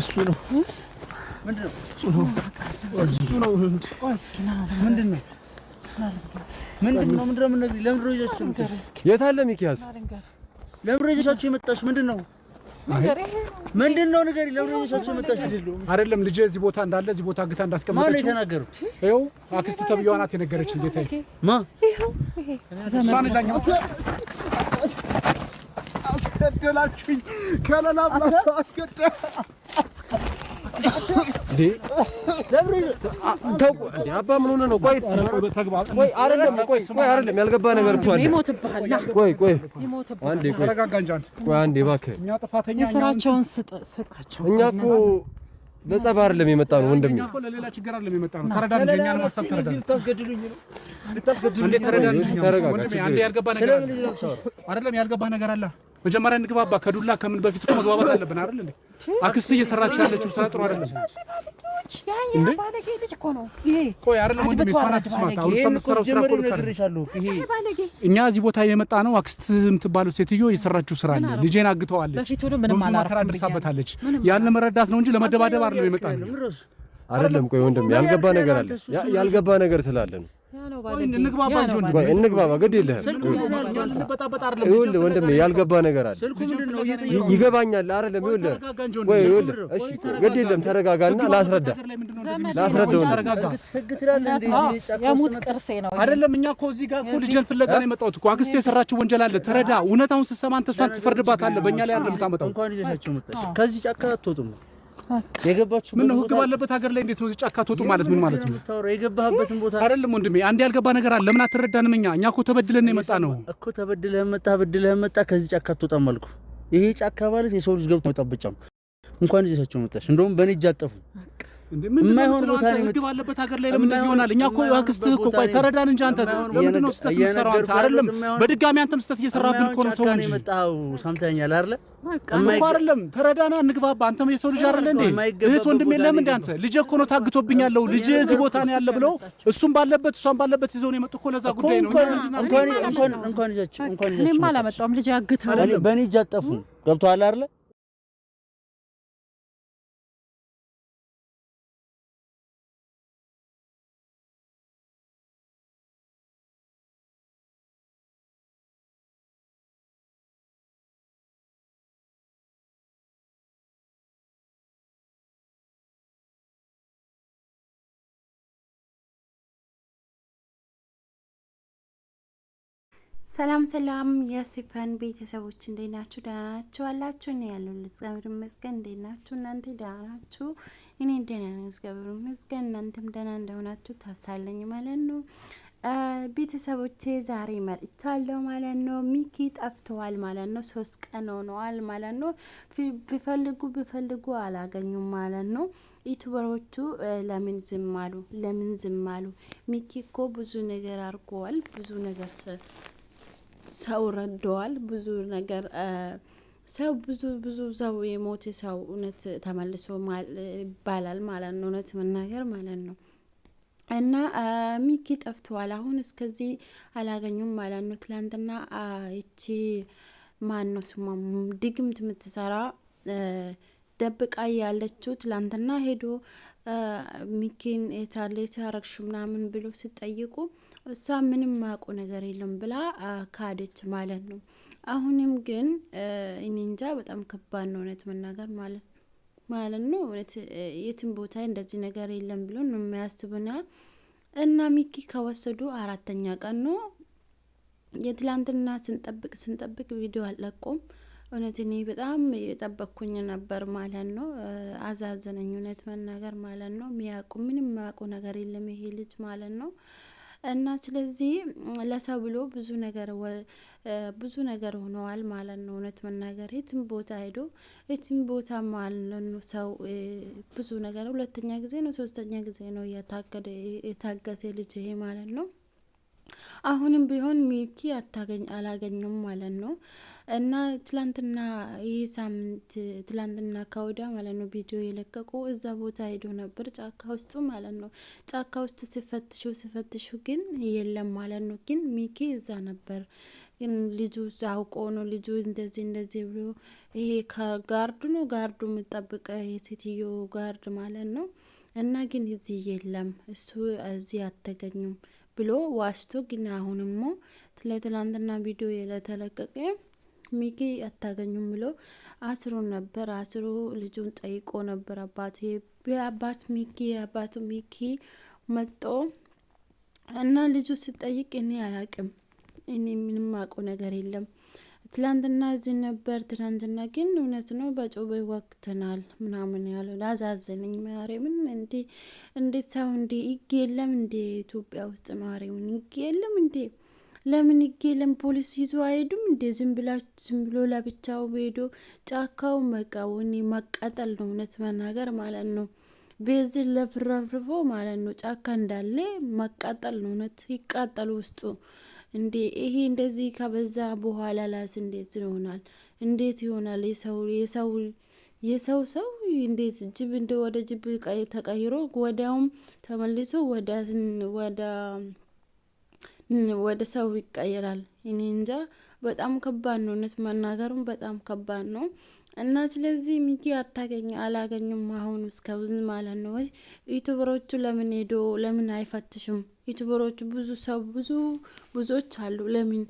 እሱ ነው እሱ ነው። የት አለ ሚኪያዝ? ለምን ረጀሻችሁ የመጣችሁ ምንድን ነው? ምንድን ነው ንገሪ። ለምን ረጀሻችሁ የመጣችሁ አይደለም። ልጄ እዚህ ቦታ እንዳለ እዚህ ቦታ ግታ እንዳስቀመጠችው ማነው የተናገሩት? ይኸው አክስቱ ተብዬዋ ናት የነገረችን ጌታዬ አስገደላችሁኝ። ከለላ ብላችሁ አስገደል አባ ምን ሆነህ ነው? ቆይ አይደለም፣ ቆይ አይደለም፣ ያልገባህ ነገር እኮ አለ። ይሞትብሃል። ቆይ ቆይ አንዴ እባክህ፣ የሥራቸውን ስጣቸው። እኛ እኮ ለጸብ አይደለም የመጣ ነው ወንድሜ፣ ለሌላ ችግር አይደለም የመጣ ነው። ተረዳ ልጄ፣ እኛን ማሰብ ተረዳ። ልታስገድሉኝ ነው? ልታስገድሉኝ? ተረዳ ልጄ። አንዴ ያልገባህ ነገር አለ አይደለም? ያልገባህ ነገር አለ መጀመሪያ እንግባባ። ከዱላ ከምን በፊት እኮ መግባባት አለብን አይደል እንዴ? አክስት እየሰራች ያለችው ስራ ጥሩ አይደለም እንዴ? ቆይ አይደለም ወንድሜ፣ የእሷን አትስማት። አሁን እሷ የምትሰራው ስራ እኮ ልክ አይደለም። እኛ እዚህ ቦታ የመጣ ነው አክስት የምትባለው ሴትዮ የሰራችው ስራ አለ። ልጄን አግተዋለች፣ ብዙ መከራ ደርሳበታለች። ያን ለመረዳት ነው እንጂ ለመደባደብ አይደለም የመጣ ነው አይደለም። ቆይ ወንድም፣ ያልገባ ነገር አለ፣ ያልገባ ነገር ስላለ ነው እንግባባ፣ ግድ የለህም። ወንድሜ ያልገባ ነገር አለ። ይገባኛል አይደለም? ይኸውልህ ወይ ይኸውልህ፣ እሺ፣ ግድ የለም ተረጋጋና ላስረዳ፣ አይደለም። እኛ እኮ እዚህ ጋር እኮ ልጄን ፍለጋ ነው የመጣሁት እኮ። አክስቴ የሰራችው ወንጀል አለ፣ ተረዳ። እውነታውን ስትሰማ አንተ እሷን ትፈርድባት አለ፣ በእኛ ላይ አለ የምታመጣው። ከዚህ ጫካ አትወጡም የገባችሁ ምን ነው ህግ ባለበት ሀገር ላይ እንዴት ነው እዚህ ጫካ ትወጡ ማለት ምን ማለት ነው? የገባህበትን ቦታ አይደለም ወንድሜ፣ አንድ ያልገባ ነገር አለ። ለምን አትረዳንም? እኛ እኛ እኮ ተበድለን ነው የመጣ ነው እኮ ተበድለህ መጣ በድለህ መጣ። ከዚህ ጫካ ትወጣም አልኩ። ይሄ ጫካ ማለት የሰው ልጅ ገብቶ መጣበጫም እንኳን እዚህ ሰቸው መጣሽ። እንደውም በኔ እጅ አጠፉ የማይሆን ቦታ ነው። ህግ ባለበት ሀገር ላይ ለምን እንደዚህ ይሆናል? እኛ እኮ አክስትህ እኮ ቆይ ተረዳን እንጂ አንተ ለምንድን ነው ስህተት የምትሰራው? አንተ አይደለም በድጋሚ አንተም ስህተት እየሰራብን እኮ ነው። ተው እንጂ የመጣኸው ሰምተኸኛል አይደለ? አይደለም ተረዳና እንግባባ። አንተም የሰው ልጅ አይደለ እንዴ? እህት ወንድም የለም እንደ አንተ ልጄ እኮ ነው ታግቶብኝ ያለው ልጄ እዚህ ቦታ ነው ያለ ብለው እሱም ባለበት እሷም ባለበት ይዘው ነው የመጡ እኮ ለዛ ጉዳይ ነው። እንኳን እንኳን እንኳን እንኳን እኔማ አላመጣሁም ልጄ አግተው በእኔ እጅ አጠፉ ገብቶሃል አይደለ? ሰላም ሰላም የሲፈን ቤተሰቦች እንዴት ናችሁ? ደህና ናችሁ አላችሁ? እኔ ያለው እግዚአብሔር ይመስገን። እንዴት ናችሁ እናንተ? ደህና ናችሁ? እኔ ደህና ነኝ፣ እግዚአብሔር ይመስገን። እናንተም ደህና እንደሆናችሁ ታብሳለኝ ማለት ነው። ቤተሰቦቼ ዛሬ መጥቻለሁ ማለት ነው። ሚኪ ጠፍተዋል ማለት ነው። ሶስት ቀን ሆነዋል ማለት ነው። ቢፈልጉ ቢፈልጉ አላገኙም ማለት ነው። ዩቱበሮቹ ለምን ዝም አሉ? ለምን ዝም አሉ? ሚኪ እኮ ብዙ ነገር አርገዋል። ብዙ ነገር ሰው ረደዋል። ብዙ ነገር ሰው ብዙ ብዙ ሰው የሞተ ሰው እውነት ተመልሶ ይባላል ማለት ነው። እውነት መናገር ማለት ነው። እና ሚኪ ጠፍተዋል። አሁን እስከዚህ አላገኙም ማለት ነው። ትላንትና ይቺ ማን ነው ስሟ ድግምት የምትሰራ ደብቃ ያለችው ትላንትና ሄዶ ሚኪን የታለ የታረግሽ ምናምን ብሎ ስጠይቁ እሷ ምንም ማቁ ነገር የለም ብላ ካደች ማለት ነው። አሁንም ግን እኔ እንጃ በጣም ከባድ ነው እውነት መናገር ማለት ነው። ማለት ነው። እውነት የትም ቦታ እንደዚህ ነገር የለም ብሎ ነው የሚያስቡና እና ሚኪ ከወሰዱ አራተኛ ቀን ነው። የትላንትና ስንጠብቅ ስንጠብቅ ቪዲዮ አለቆም። እውነት እኔ በጣም የጠበቅኩኝ ነበር ማለት ነው። አዛዘነኝ እውነት መናገር ማለት ነው። የሚያውቁ ምንም የማያውቁ ነገር የለም ይሄ ልጅ ማለት ነው። እና ስለዚህ ለሰው ብሎ ብዙ ነገር ብዙ ነገር ሆነዋል ማለት ነው። እውነት መናገር የትም ቦታ ሄዶ የትም ቦታ ማለት ነው ሰው ብዙ ነገር ሁለተኛ ጊዜ ነው ሶስተኛ ጊዜ ነው የታገደ የታገተ ልጅ ይሄ ማለት ነው። አሁንም ቢሆን ሚኪ አታገኝ አላገኘም ማለት ነው። እና ትላንትና ይህ ሳምንት ትላንትና ከወዲያ ማለት ነው ቪዲዮ የለቀቁ እዛ ቦታ ሄዶ ነበር ጫካ ውስጡ ማለት ነው። ጫካ ውስጥ ሲፈትሹ ሲፈትሹ ግን የለም ማለት ነው። ግን ሚኪ እዛ ነበር ልጁ አውቆ ነው ልጁ እንደዚህ እንደዚህ ብሎ ይሄ ከጋርዱ ነው ጋርዱ የምጠብቀ የሴትዮ ጋርድ ማለት ነው። እና ግን እዚህ የለም እሱ እዚህ አተገኙም። ብሎ ዋስቶ ግን አሁንሞ ለትላንትና ቪዲዮ የለተለቀቀ ሚኪ አታገኙም ብሎ አስሮ ነበር። አስሮ ልጁን ጠይቆ ነበር። አባቱ አባት ሚኪ አባቱ ሚኪ መጦ እና ልጁ ስጠይቅ እኔ አላቅም፣ እኔ ምንም አውቀው ነገር የለም ትላንትና እዚህ ነበር፣ ትላንትና ግን እውነት ነው በጮቤ ወቅትናል ምናምን ያለው ላዛዘነኝ ማርያምን። እንዴ እንዴት ሰው እንዴ ይግ የለም እንዴ ኢትዮጵያ ውስጥ ማርያምን ይግ የለም እንዴ ለምን ይግ የለም? ፖሊስ ይዞ አይሄዱም እንዴ? ዝም ብሎ ለብቻው ሄዶ ጫካው መቃወን ማቃጠል ነው እውነት መናገር ማለት ነው። ቤዝን ለፍራፍርፎ ማለት ነው ጫካ እንዳለ ማቃጠል ነው እውነት ይቃጠል ውስጡ እንዴ ይሄ እንደዚህ ከበዛ በኋላ ላስ እንዴት ይሆናል? እንዴት ይሆናል? የሰው የሰው የሰው ሰው እንዴት ጅብ እንደ ወደ ጅብ ተቀይሮ ወዲያውም ተመልሶ ወደ ሰው ይቀየራል? እኔ እንጃ። በጣም ከባድ ነው። እውነት መናገሩም በጣም ከባድ ነው እና ስለዚህ ሚኪ አታገኝ አላገኝም አሁን እስከውን ማለት ነው። ዩቱበሮቹ ለምን ሄዶ ለምን አይፈትሹም? ዩቱበሮቹ ብዙ ሰው ብዙ ብዙዎች አሉ። ለምን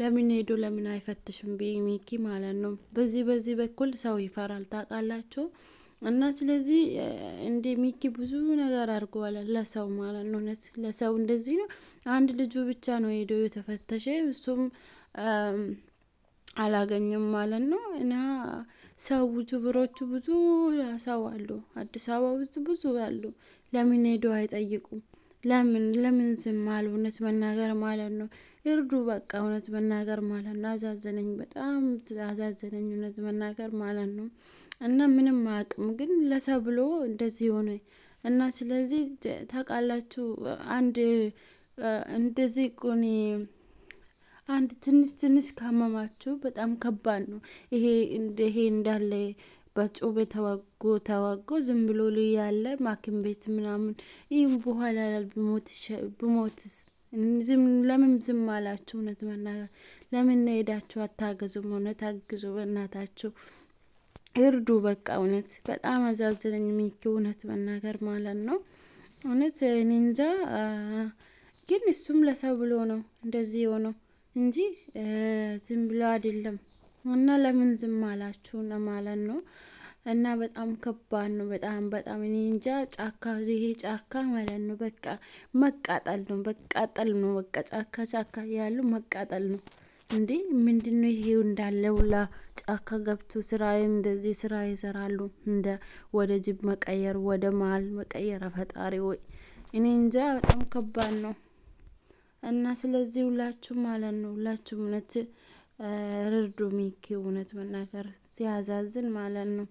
ለምን ሄዶ ለምን አይፈትሽም ብ ሚኪ ማለት ነው። በዚህ በዚህ በኩል ሰው ይፈራል ታውቃላችሁ። እና ስለዚህ እንደ ሚኪ ብዙ ነገር አድርገዋል ለሰው ማለት ነው። ለሰው እንደዚህ ነው። አንድ ልጁ ብቻ ነው ሄዶ የተፈተሸ እሱም አላገኝም ማለት ነው እና ሰው ብዙ ብሮቹ ብዙ ሰው አሉ። አዲስ አበባ ውስጥ ብዙ አሉ። ለምን ሄዶ አይጠይቁም? ለምን ለምን ዝም አሉ? እውነት መናገር ማለት ነው። እርዱ በቃ እውነት መናገር ማለት ነው። አዛዘነኝ፣ በጣም አዛዘነኝ እውነት መናገር ማለት ነው። እና ምንም አቅም ግን ለሰው ብሎ እንደዚህ ሆነ እና ስለዚህ ታውቃላችሁ አንድ እንደዚህ ቁኔ አንድ ትንሽ ትንሽ ካመማችሁ በጣም ከባድ ነው። ይሄ ይሄ እንዳለ በጩቤ ተዋጎ ተዋጎ ዝም ብሎ ያለ ማኪም ቤት ምናምን ይህም በኋላ ብሞትስ ለምን ዝም አላችሁ? እውነት መናገር ለምን ሄዳችሁ አታገዙም? እውነት አግዙ፣ በእናታችሁ እርዱ። በቃ እውነት በጣም አዛዝነኝ ሚኪ፣ እውነት መናገር ማለት ነው። እውነት እኔ እንጃ፣ ግን እሱም ለሰው ብሎ ነው እንደዚህ የሆነው። እንጂ ዝም ብሎ አይደለም። እና ለምን ዝም አላችሁ ማለት ነው። እና በጣም ከባድ ነው። በጣም በጣም እኔ እንጃ። ጫካ ይሄ ጫካ ማለት ነው በቃ መቃጠል ነው፣ መቃጠል ነው። በቃ ጫካ ጫካ ያሉ መቃጠል ነው። እንዴ ምንድን ነው ይሄ? እንዳለ ሁላ ጫካ ገብቶ ስራ እንደዚህ ስራ ይሰራሉ። እንደ ወደ ጅብ መቀየር፣ ወደ ማል መቀየር። ፈጣሪ ወይ እኔ እንጃ። በጣም ከባድ ነው። እና ስለዚህ ሁላችሁ ማለት ነው ሁላችሁ እውነት ርዱ ሚኪ እውነት መናገር ሲያዛዝን ማለት ነው።